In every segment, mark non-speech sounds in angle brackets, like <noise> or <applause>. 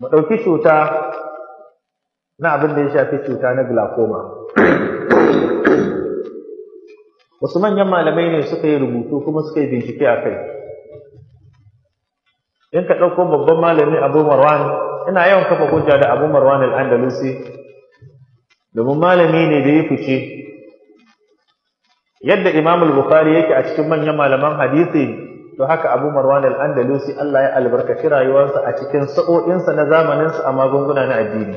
mu ɗauki cuta na abin da ya shafi cuta na glaucoma wasu manyan malamai ne suka yi rubutu kuma suka yi bincike a kai in ka ɗauko babban malami abu marwan ina yawan kafa hujja da abu marwan al'andalusi domin malami ne da ya fice yadda imam al-bukhari yake a cikin manyan malaman hadisi to haka Abu Marwan al-Andalusi Allah ya albarkaci rayuwarsa a cikin sa'o'insa na zamaninsa a magunguna na addini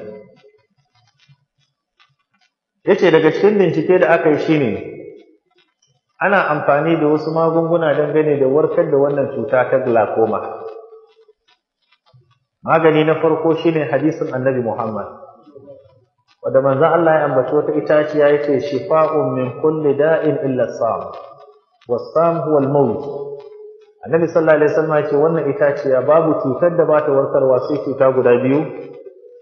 yace daga cikin bincike da aka yi shine ana amfani da wasu magunguna dangane da warkar da wannan cuta ta glaucoma magani na farko shine hadisin Annabi Muhammad wanda manzon Allah ya ambaci wata itaciya yace shifa'un min kulli da'in illa as-sam was-sam huwa al-maut annabi sallallahu alaihi wasallam ce wannan itaciya babu cutar da bata warkarwa sai cuta guda biyu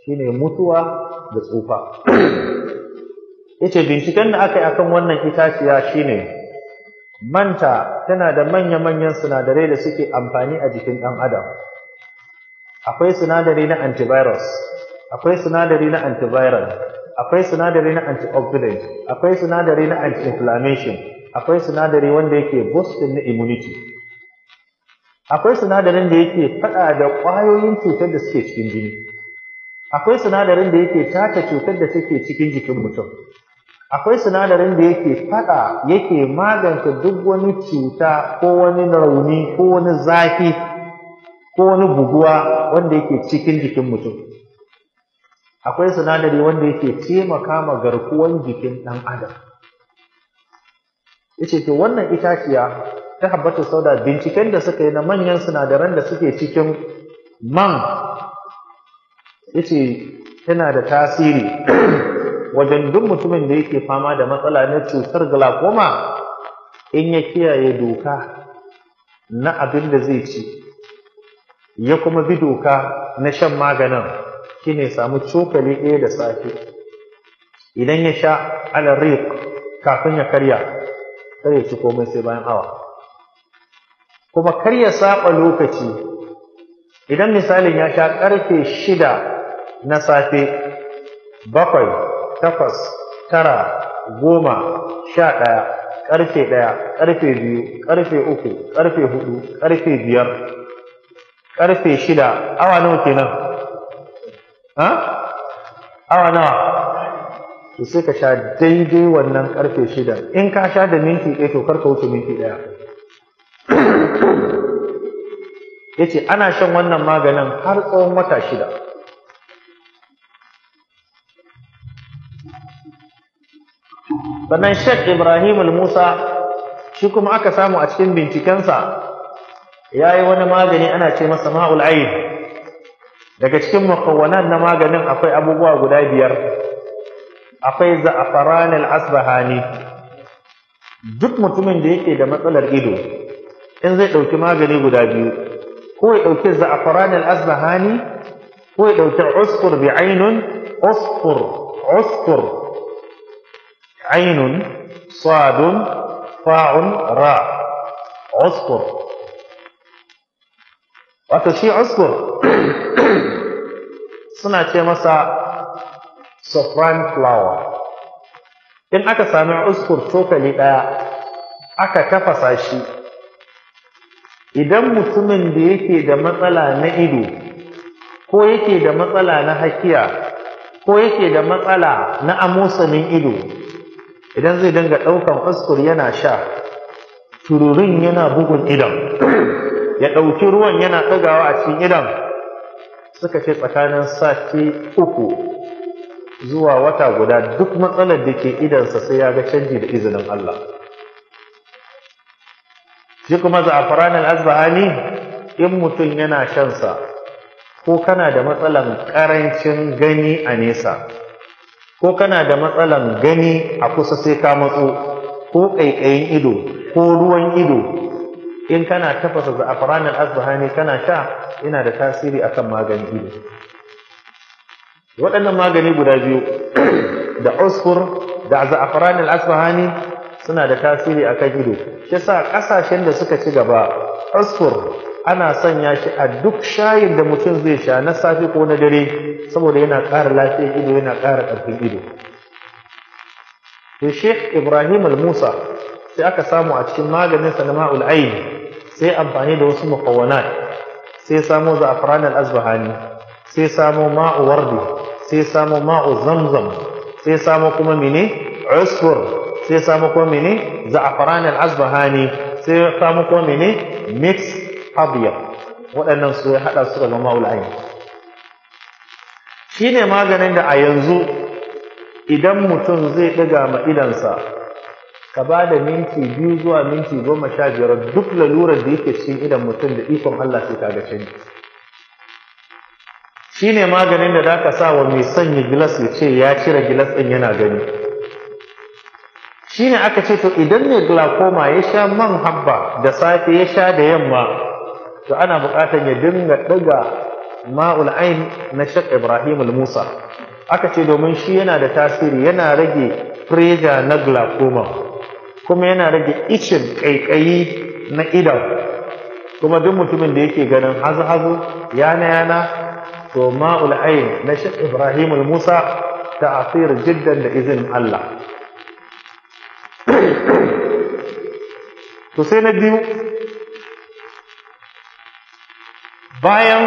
shine mutuwa da tsufa yace binciken da aka yi akan wannan itaciya shine manta tana da manya-manyan sinadarai da suke amfani a jikin ɗan adam akwai sinadari na antivirus akwai sinadari na antiviral akwai sinadari na antioxidant akwai sinadari na anti-inflammation akwai sinadari wanda yake boosting na immunity akwai sinadarin da yake faɗa da ƙwayoyin cutar da suke cikin jini akwai sinadarin da yake tata cutar da take cikin jikin mutum akwai sinadarin da yake faɗa yake maganta duk wani cuta ko wani rauni ko wani zafi ko wani buguwa wanda yake cikin jikin mutum akwai sinadari wanda yake taimaka ma garkuwan jikin ɗan adam Ya ce to wannan itaciya ta habbatu sauda binciken da suka yi na manyan sinadaran da suke cikin man yace tana da tasiri <clears throat> wajen duk mutumin da yake fama da matsala na cutar glaucoma in ya kiyaye doka na abin da zai ci ya kuma bi doka na shan maganin shine samu cokali ɗaya da safe idan ya sha alarik kafin ya karya kar ya ci komai sai bayan awa kuma kar ya saba lokaci idan misalin ya sha karfe shida na safe bakwai takwas tara goma sha ɗaya ƙarfe ɗaya ƙarfe biyu ƙarfe uku ƙarfe hudu ƙarfe biyar ƙarfe shida awa nawa nan? ha awa nawa to sai ka sha daidai wannan ƙarfe shida in ka sha da minti ɗaya to kar ka wuce minti ɗaya Ya ce ana shan wannan maganin har tsawon wata shida sannan shek Ibrahim musa shi kuma aka samu a cikin bincikensa Ya yi wani magani ana ce masa ma'ul ayin daga cikin makawanan na maganin akwai abubuwa guda biyar akwai za'afaran asbahani duk mutumin da yake da matsalar ido in zai ɗauki magani guda biyu ko ya ɗauki za'afaran al-asbahani ko ya ɗauki usfur bi ainun usfur usfur ainun sadun fa'un ra usfur wato shi usfur suna ce masa saffron flower in aka sami usfur cokali ɗaya aka tafasa shi idan mutumin da yake da matsala na ido ko yake da matsala na hakiya ko yake da matsala na amosanin ido idan zai dinga ɗaukan fuskur yana sha tururin yana bugun idan <clears throat> ya ɗauki ruwan yana ɗagawa a cikin idan suka ce tsakanin sati uku zuwa wata guda duk matsalar da ke idansa sai ya ga canji da izinin Allah shi kuma za'afaran al in mutum yana shan sa ko kana da matsalan ƙarancin gani a nesa ko kana da matsalan gani a kusa sai ka matso ko kaikayin ido ko ruwan ido in kana tafasa za'afaran al-asbahani kana sha yana da tasiri akan magani ido waɗannan magani guda biyu <clears throat> da usfur da za'afaran al-asbahani suna da tasiri a kan ido shi sa ƙasashen da suka ci gaba asfur ana sanya shi a duk shayin da mutum zai sha na safe ko na dare saboda yana ƙara lafiyar ido yana ƙara ƙarfin ido to sheikh ibrahim al-musa sai aka samu a cikin maganin sanama'ul ayn sai amfani da wasu muqawwanat sai samo za'afran al-azbahani sai samo ma'u wardi sai samo ma'u zamzam sai samo kuma mene usfur sai samu ko mene za'afaran al-asbahani sai samu ko mene mix habya waɗannan su ya haɗa su da mamaul ayin shi ne maganin da a yanzu idan mutum zai ɗiga ma idansa ka ba da minti biyu zuwa minti goma sha biyar duk lalurar da yake cikin idan mutum da ikon Allah sai ka canji shi ne maganin da za ka sa wa mai sanya gilas ya ce ya cire gilas ɗin yana gani shine aka ce to idan mai glaucoma ya sha man habba da safe ya sha da yamma to ana buƙatar ya dinga ɗiga ma'ul ain na Sheikh Ibrahim musa aka ce domin shi yana da tasiri yana rage pressure na glaucoma kuma yana rage ishin ƙaiƙayi na idan kuma duk mutumin da yake ganin hazu-hazu yana yana to ma'ul ain na Sheikh Ibrahim al-Musa jiddan da izinin Allah to sai na biyu bayan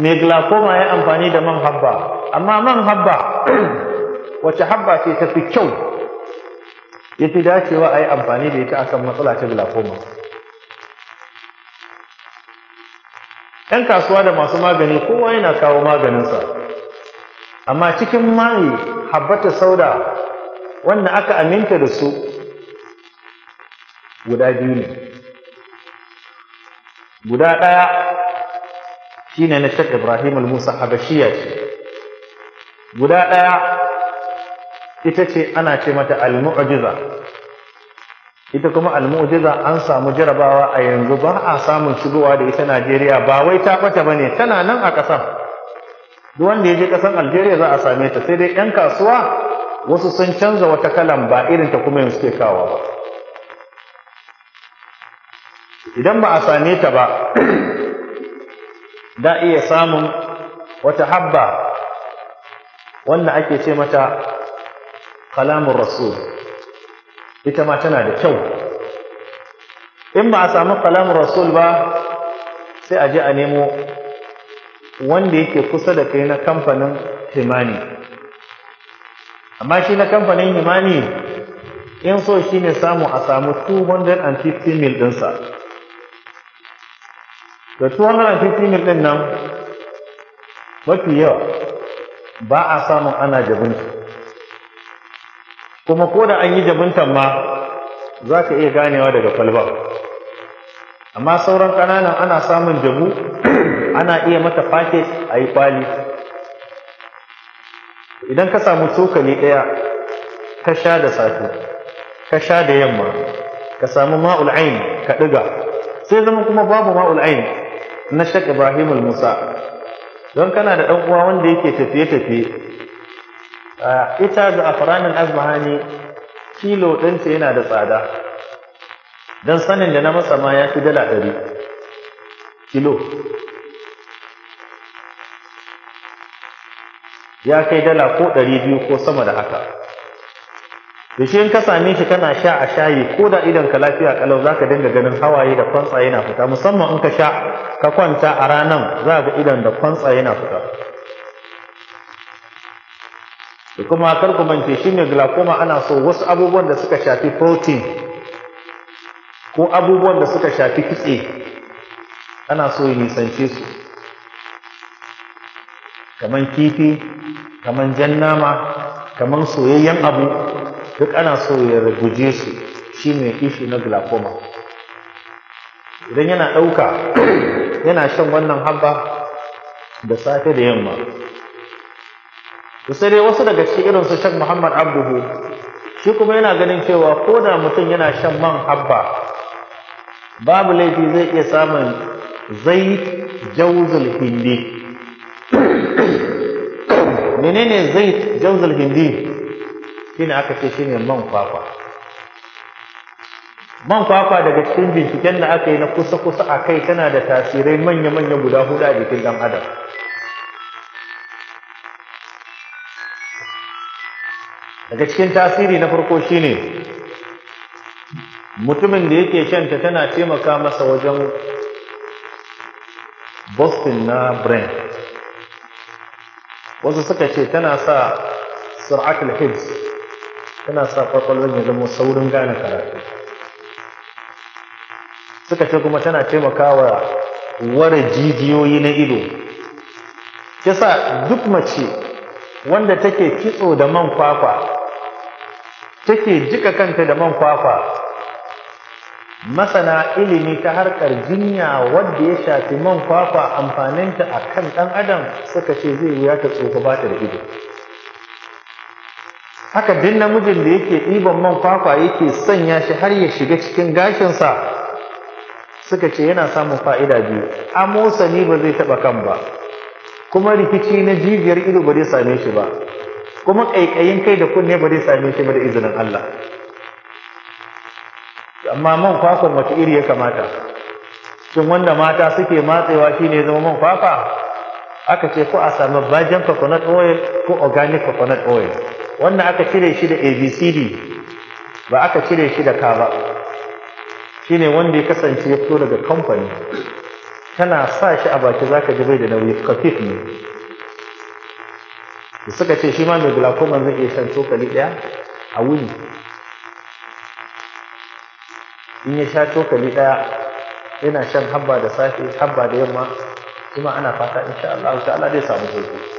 mai glaucoma ya amfani da man habba amma man habba <clears throat> wace habba ce ta fi kyau ya fi dacewa a yi amfani da ita akan matsala ta glaucoma ‘yan kasuwa da masu magani kowa yana kawo maganinsa amma cikin mai habbata sauda wanda aka aminta da su guda biyu ne guda ɗaya shine na shek Ibrahim al-Musa Habashiya ce guda ɗaya ita ce ana ce mata al-mu'jiza ita kuma al-mu'jiza an samu jarabawa a yanzu ba a samun shigowa da ita Najeriya ba wai ta bata bane tana nan a ƙasar duk wanda ya je ƙasar Algeria za a same ta sai dai 'yan kasuwa wasu sun canza wata kalan ba irin ta kuma yanzu suke kawo ba idan ba a same ta ba da iya samun wata habba wanda ake ce mata kalamun rasul ita ma tana da kyau in ba a samu kalamun rasul ba sai a je a nemo wanda yake kusa da kai na kamfanin himani amma shi na kamfanin himani in so shi ne samu a samu 250 mil ɗinsa da 250 mil ɗin nan mafi yawa ba a samun ana jabinta kuma ko da an yi jabintan ma za ka iya ganewa daga kwalba amma sauran ƙananan ana samun jabu <clears throat> ana iya mata faket a yi kwali idan ka samu cokali ɗaya ka sha da safe ka sha da yamma ka samu ma'ul'ain ka ɗiga sai zama kuma babu ma'ul na Sheikh Ibrahim Musa don kana da ɗan uwa wanda yake tafiye tafiye ah, ita da afranin azbahani kilo ɗinta yana da tsada don sanin da na masa ma ya fi dala ɗari kilo ya kai dala ko ɗari biyu ko sama da haka da shi in ka same shi kana sha a shayi ko da idan ka lafiya kalau zaka dinga ganin hawaye da kwantsa yana fita musamman in ka sha ka kwanta a ranan za ga idan da kwantsa yana fita da kuma kar mance shi ne glaucoma ana so wasu abubuwan da suka shafi protein ko abubuwan da suka shafi kitse ana so ya nisance su kaman kifi kaman jan nama kaman soyayyen abu duk ana so ya guje su shi mai ishi na glaucoma idan yana ɗauka <clears throat> yana shan wannan haba da safe da yamma sai dai wasu daga cikin irinsu shan muhammad abduhu shi kuma yana ganin cewa ko da mutum yana shan man haba. babu laifi zai iya samun zai jauzul hindi <clears throat> menene zai jauzul hindi shine aka ce shine man kwakwa man kwakwa daga cikin binciken da aka yi na kusa-kusa a kai tana da tasirai manya-manya guda hudu a jikin ɗan adam daga cikin tasiri na farko shine mutumin da yake shanta tana taimaka masa wajen boston na brain wasu suka ce tana sa sur'atul hibs tana sa kwakwalwar ya zama saurin gane karatu suka ce kuma tana taimakawa ware jijiyoyi na ido yasa duk mace wanda take kitso da man kwakwa take jika kanta da man kwakwa masana ilimi ta harkar jinya wanda ya shafi man kwakwa amfaninta a kan ɗan adam suka ce zai wuya ta tsoka ba ta da ido haka duk namijin da yake ɗiban man kwakwa yake sanya shi har ya shiga cikin gashinsa suka ce yana samun fa'ida biyu amosani ba zai taɓa kan ba kuma rikici na jijiyar ido ba zai same shi ba kuma ƙaiƙayin kai da kunne ba zai same shi ba da izinin Allah amma man kwakwan wata iri ya kamata shin wanda mata suke matsewa shi shine zama man kwakwa aka ce ko a sami bajan coconut oil ko organic coconut oil wannan aka cire shi da abcd ba aka cire shi da ka ba shine wanda ya kasance ya fito daga kamfani tana sa shi a baki zaka ji bai da nauyi kafif ne da suka ce shi ma mai glaucoma zai iya shan cokali daya a wuni in ya sha cokali daya yana shan habba da safe habba da yamma kuma ana fata sha Allah ta'ala zai samu sauki